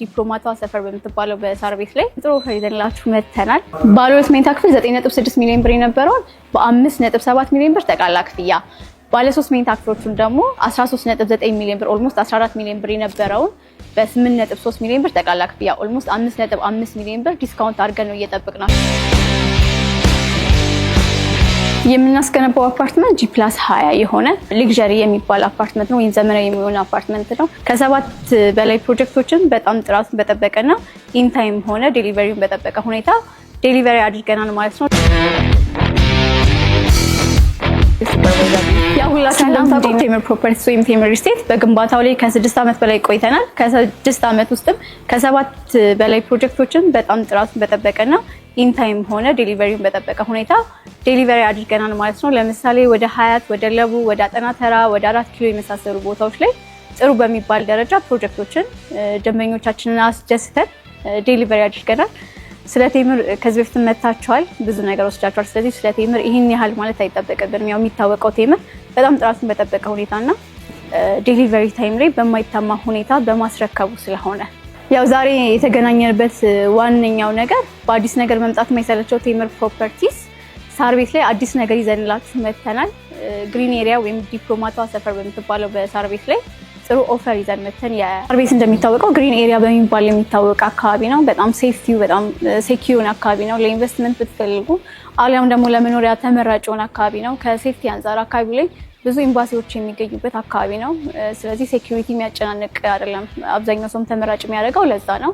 ዲፕሎማቷ ሰፈር በምትባለው በሳር ቤት ላይ ጥሩ ይዘንላችሁ መጥተናል። ባለ መኝታ ክፍል 9.6 ሚሊዮን ብር የነበረውን በ5.7 ሚሊዮን ብር ጠቃላ ክፍያ፣ ባለ ሶስት መኝታ ክፍሎቹን ደግሞ 13.9 ሚሊዮን ብር ኦልሞስት 14 ሚሊዮን ብር የነበረውን በ8.3 ሚሊዮን ብር ጠቃላ ክፍያ ኦልሞስት 5.5 ሚሊዮን ብር ዲስካውንት አድርገን ነው እየጠበቅናቸው የምናስገነባው አፓርትመንት ጂፕላስ ሀያ የሆነ ሊግዠሪ የሚባል አፓርትመንት ነው ወይም ዘመናዊ የሚሆን አፓርትመንት ነው። ከሰባት በላይ ፕሮጀክቶችን በጣም ጥራቱን በጠበቀና ኢንታይም ሆነ ዴሊቨሪውን በጠበቀ ሁኔታ ዴሊቨሪ አድርገናል ማለት ነው። ቴምር ፕሮፐርቲስ ወይም ቴምር ስቴት በግንባታው ላይ ከስድስት ዓመት በላይ ቆይተናል። ከስድስት ዓመት ውስጥም ከሰባት በላይ ፕሮጀክቶችን በጣም ጥራቱን በጠበቀና ኢንታይም ሆነ ዴሊቨሪን በጠበቀ ሁኔታ ዴሊቨሪ አድርገናል ማለት ነው። ለምሳሌ ወደ ሀያት፣ ወደ ለቡ፣ ወደ አጠና ተራ፣ ወደ አራት ኪሎ የመሳሰሉ ቦታዎች ላይ ጥሩ በሚባል ደረጃ ፕሮጀክቶችን ደንበኞቻችንን አስደስተን ዴሊቨሪ አድርገናል። ስለ ቴምር ከዚህ በፊት መታችኋል፣ ብዙ ነገር ወስዳችኋል። ስለዚህ ስለ ቴምር ይህን ያህል ማለት አይጠበቅብንም። ያው የሚታወቀው ቴምር በጣም ጥራቱን በጠበቀ ሁኔታና ዴሊቨሪ ታይም ላይ በማይታማ ሁኔታ በማስረከቡ ስለሆነ ያው ዛሬ የተገናኘንበት ዋነኛው ነገር በአዲስ ነገር መምጣት የማይሰለቸው ቴምር ፕሮፐርቲስ ሳር ቤት ላይ አዲስ ነገር ይዘንላችሁ መተናል። ግሪን ኤሪያ ወይም ዲፕሎማቷ ሰፈር በምትባለው በሳር ቤት ላይ ጥሩ ኦፈር ይዘን መተን። የሳር ቤት እንደሚታወቀው ግሪን ኤሪያ በሚባል የሚታወቅ አካባቢ ነው። በጣም ሴፍቲ፣ በጣም ሴኪ አካባቢ ነው። ለኢንቨስትመንት ብትፈልጉ አሊያም ደግሞ ለመኖሪያ ተመራጭ የሆነ አካባቢ ነው። ከሴፍቲ አንጻር አካባቢ ላይ ብዙ ኤምባሲዎች የሚገኙበት አካባቢ ነው። ስለዚህ ሴኪሪቲ የሚያጨናንቅ አይደለም። አብዛኛው ሰውም ተመራጭ የሚያደርገው ለዛ ነው።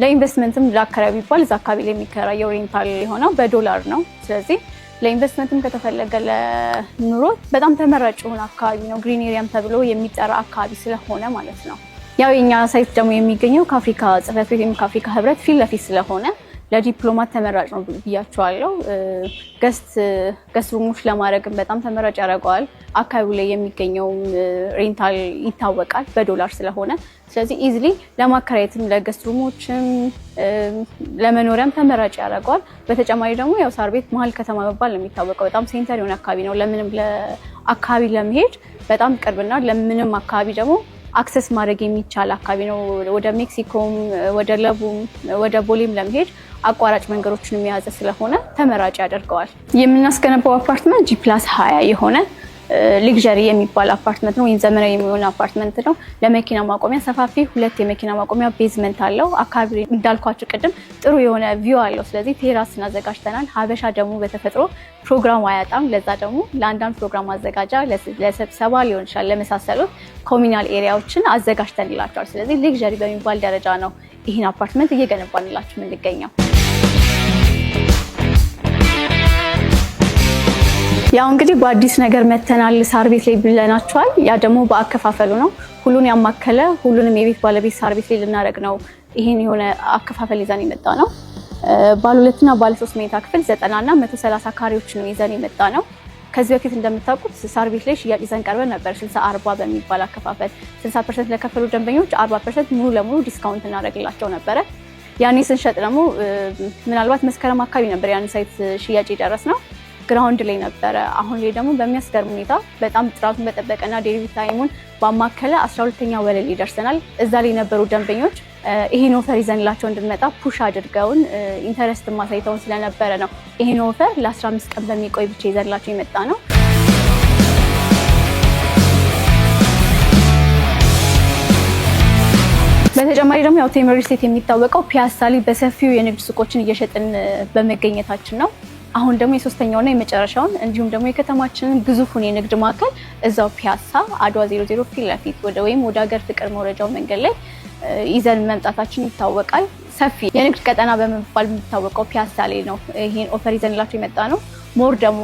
ለኢንቨስትመንትም ለአካባቢ ቢባል እዛ አካባቢ ላይ የሚከራየው ሬንታል የሆነው በዶላር ነው። ስለዚህ ለኢንቨስትመንትም ከተፈለገ ለኑሮ በጣም ተመራጭ የሆነ አካባቢ ነው። ግሪን ኤሪያም ተብሎ የሚጠራ አካባቢ ስለሆነ ማለት ነው። ያው የኛ ሳይት ደግሞ የሚገኘው ከአፍሪካ ጽፈት ቤት ወይም ከአፍሪካ ህብረት ፊት ለፊት ስለሆነ ለዲፕሎማት ተመራጭ ነው ብያቸዋለሁ። ገስት ሩሞች ለማድረግም በጣም ተመራጭ ያደርገዋል። አካባቢው ላይ የሚገኘው ሬንታል ይታወቃል በዶላር ስለሆነ፣ ስለዚህ ኢዝሊ ለማከራየትም ለገስት ሩሞችም ለመኖሪያም ተመራጭ ያደርገዋል። በተጨማሪ ደግሞ ያው ሳር ቤት መሀል ከተማ መባል ነው የሚታወቀው። በጣም ሴንተር የሆነ አካባቢ ነው። ለምንም አካባቢ ለመሄድ በጣም ቅርብና ለምንም አካባቢ ደግሞ አክሰስ ማድረግ የሚቻል አካባቢ ነው። ወደ ሜክሲኮም፣ ወደ ለቡም፣ ወደ ቦሌም ለመሄድ አቋራጭ መንገዶችን የያዘ ስለሆነ ተመራጭ ያደርገዋል። የምናስገነባው አፓርትመንት ጂፕላስ 20 የሆነ ሊግዠሪ የሚባል አፓርትመንት ነው ወይም ዘመናዊ የሚሆን አፓርትመንት ነው። ለመኪና ማቆሚያ ሰፋፊ ሁለት የመኪና ማቆሚያ ቤዝመንት አለው። አካባቢ እንዳልኳችሁ ቅድም ጥሩ የሆነ ቪው አለው። ስለዚህ ቴራስ አዘጋጅተናል። ሀበሻ ደግሞ በተፈጥሮ ፕሮግራም አያጣም። ለዛ ደግሞ ለአንዳንድ ፕሮግራም ማዘጋጃ ለስብሰባ ሊሆን ይችላል ለመሳሰሉት ኮሚናል ኤሪያዎችን አዘጋጅተንላቸዋል። ስለዚህ ሊግዠሪ በሚባል ደረጃ ነው ይህን አፓርትመንት እየገነባንላችሁ የምንገኘው። ያው እንግዲህ በአዲስ ነገር መተናል ሳር ቤት ላይ ብለናቸዋል። ያ ደግሞ በአከፋፈሉ ነው። ሁሉን ያማከለ ሁሉንም የቤት ባለቤት ሳር ቤት ላይ ልናደርግ ነው። ይህን የሆነ አከፋፈል ይዘን የመጣ ነው። ባለ ሁለትና ባለ ሶስት መኝታ ክፍል ዘጠናና መቶ ሰላሳ ካሬዎች ነው ይዘን የመጣ ነው። ከዚህ በፊት እንደምታውቁት ሳር ቤት ላይ ሽያጭ ይዘን ቀርበን ነበር። ስልሳ አርባ በሚባል አከፋፈል ስልሳ ፐርሰንት ለከፈሉ ደንበኞች አርባ ፐርሰንት ሙሉ ለሙሉ ዲስካውንት እናደርግላቸው ነበረ። ያኔ ስንሸጥ ደግሞ ምናልባት መስከረም አካባቢ ነበር ያን ሳይት ሽያጭ የደረስ ነው ግራውንድ ላይ ነበረ። አሁን ላይ ደግሞ በሚያስገርም ሁኔታ በጣም ጥራቱን በጠበቀና ዴቪ ታይሙን ባማከለ 12ኛ ወለል ይደርሰናል። እዛ ላይ የነበሩ ደንበኞች ይሄን ኦፈር ይዘንላቸው እንድንመጣ ፑሽ አድርገውን ኢንተረስት ማሳይተውን ስለነበረ ነው ይሄን ኦፈር ለ15 ቀን በሚቆይ ብቻ ይዘንላቸው የመጣ ነው። በተጨማሪ ደግሞ ያው ቴምር ስቴት የሚታወቀው ፒያሳ ላይ በሰፊው የንግድ ሱቆችን እየሸጥን በመገኘታችን ነው። አሁን ደግሞ የሶስተኛውና የመጨረሻውን እንዲሁም ደግሞ የከተማችንን ግዙፉን የንግድ ማዕከል እዛው ፒያሳ አድዋ ዜሮ ዜሮ ፊት ለፊት ወደ ወይም ወደ ሀገር ፍቅር መውረጃው መንገድ ላይ ይዘን መምጣታችን ይታወቃል። ሰፊ የንግድ ቀጠና በመባል የሚታወቀው ፒያሳ ላይ ነው ይህን ኦፈር ይዘንላቸው የመጣ ነው። ሞር ደግሞ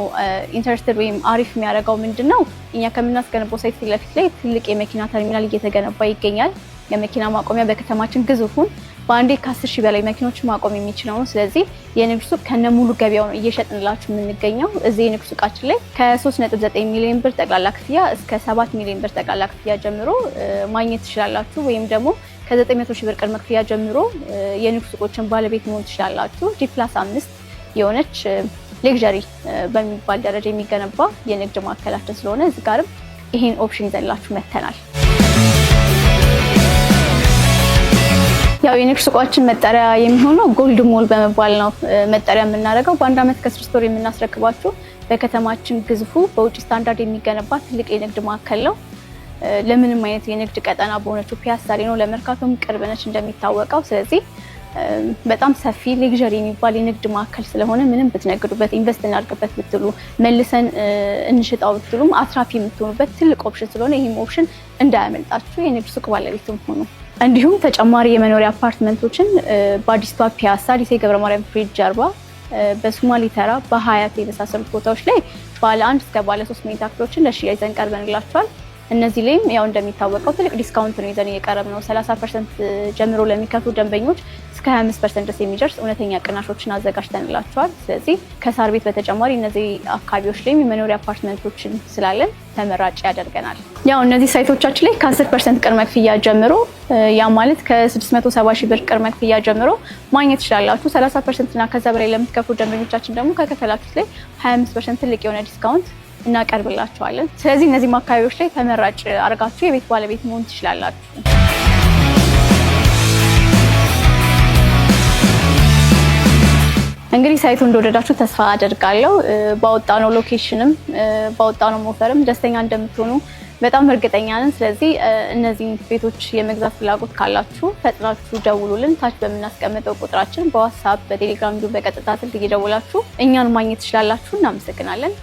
ኢንተረስትድ ወይም አሪፍ የሚያደርገው ምንድን ነው? እኛ ከምናስገነባው ሳይት ፊት ለፊት ላይ ትልቅ የመኪና ተርሚናል እየተገነባ ይገኛል። የመኪና ማቆሚያ በከተማችን ግዙፉን በአንዴ ከአስር ሺህ በላይ መኪኖች ማቆም የሚችለው ነው። ስለዚህ የንግድ ሱቅ ከነ ሙሉ ገበያው ነው እየሸጥንላችሁ የምንገኘው። እዚህ የንግድ ሱቃችን ላይ ከ3.9 ሚሊዮን ብር ጠቅላላ ክፍያ እስከ 7 ሚሊዮን ብር ጠቅላላ ክፍያ ጀምሮ ማግኘት ትችላላችሁ። ወይም ደግሞ ከ900 ሺህ ብር ቅድመ ክፍያ ጀምሮ የንግድ ሱቆችን ባለቤት መሆን ትችላላችሁ። ጂ ፕላስ አምስት የሆነች ሌግዣሪ በሚባል ደረጃ የሚገነባ የንግድ ማዕከላችን ስለሆነ እዚህ ጋርም ይህን ኦፕሽን ይዘንላችሁ መተናል። የንግድ ሱቃችን መጠሪያ የሚሆነው ጎልድ ሞል በመባል ነው መጠሪያ የምናደርገው። በአንድ ዓመት ከስድስት ወር የምናስረክባችሁ በከተማችን ግዙፉ በውጭ ስታንዳርድ የሚገነባ ትልቅ የንግድ ማዕከል ነው። ለምንም አይነት የንግድ ቀጠና በሆነችው ፒያሳ ላይ ነው። ለመርካቶም ቅርብ ነች እንደሚታወቀው። ስለዚህ በጣም ሰፊ ሌግዥሪ የሚባል የንግድ ማዕከል ስለሆነ ምንም ብትነግዱበት፣ ኢንቨስት እናድርግበት ብትሉ፣ መልሰን እንሽጣው ብትሉም አትራፊ የምትሆኑበት ትልቅ ኦፕሽን ስለሆነ ይህም ኦፕሽን እንዳያመልጣችሁ የንግድ ሱቅ ባለቤትም ሆኑ። እንዲሁም ተጨማሪ የመኖሪያ አፓርትመንቶችን በአዲስቷ ፒያሳ ሊሴ ገብረ ማርያም ጀርባ በሶማሌ ተራ በሀያት የመሳሰሉት ቦታዎች ላይ ባለ አንድ እስከ ባለ ሶስት መኝታ ክፍሎችን ለሽያጭ ይዘን ቀርበንላቸዋል። እነዚህ ላይም ያው እንደሚታወቀው ትልቅ ዲስካውንት ነው ይዘን እየቀረብ ነው። 30 ፐርሰንት ጀምሮ ለሚከፍሉ ደንበኞች እስከ 25 ፐርሰንት ድረስ የሚደርስ እውነተኛ ቅናሾችን አዘጋጅተንላቸዋል። ስለዚህ ከሳር ቤት በተጨማሪ እነዚህ አካባቢዎች ላይም የመኖሪያ አፓርትመንቶችን ስላለን ተመራጭ ያደርገናል። ያው እነዚህ ሳይቶቻችን ላይ ከ10 ፐርሰንት ቅድመ ክፍያ ጀምሮ ያ ማለት ከ670 ሺህ ብር ቅድመ ክፍያ ጀምሮ ማግኘት ትችላላችሁ። 30 ፐርሰንት እና ከዛ በላይ ለምትከፍሉ ደንበኞቻችን ደግሞ ከከፈላችሁት ላይ 25 ፐርሰንት ትልቅ የሆነ ዲስካውንት እናቀርብላቸዋለን። ስለዚህ እነዚህም አካባቢዎች ላይ ተመራጭ አድርጋችሁ የቤት ባለቤት መሆን ትችላላችሁ። እንግዲህ ሳይቱ እንደወደዳችሁ ተስፋ አደርጋለሁ። ባወጣነው ሎኬሽንም ባወጣነው ሞፈርም ደስተኛ እንደምትሆኑ በጣም እርግጠኛ ነን። ስለዚህ እነዚህ ቤቶች የመግዛት ፍላጎት ካላችሁ ፈጥናችሁ ደውሉልን። ታች በምናስቀምጠው ቁጥራችን በዋትሳፕ በቴሌግራም እንዲሁም በቀጥታ ስልክ እየደውላችሁ እኛን ማግኘት ትችላላችሁ። እናመሰግናለን።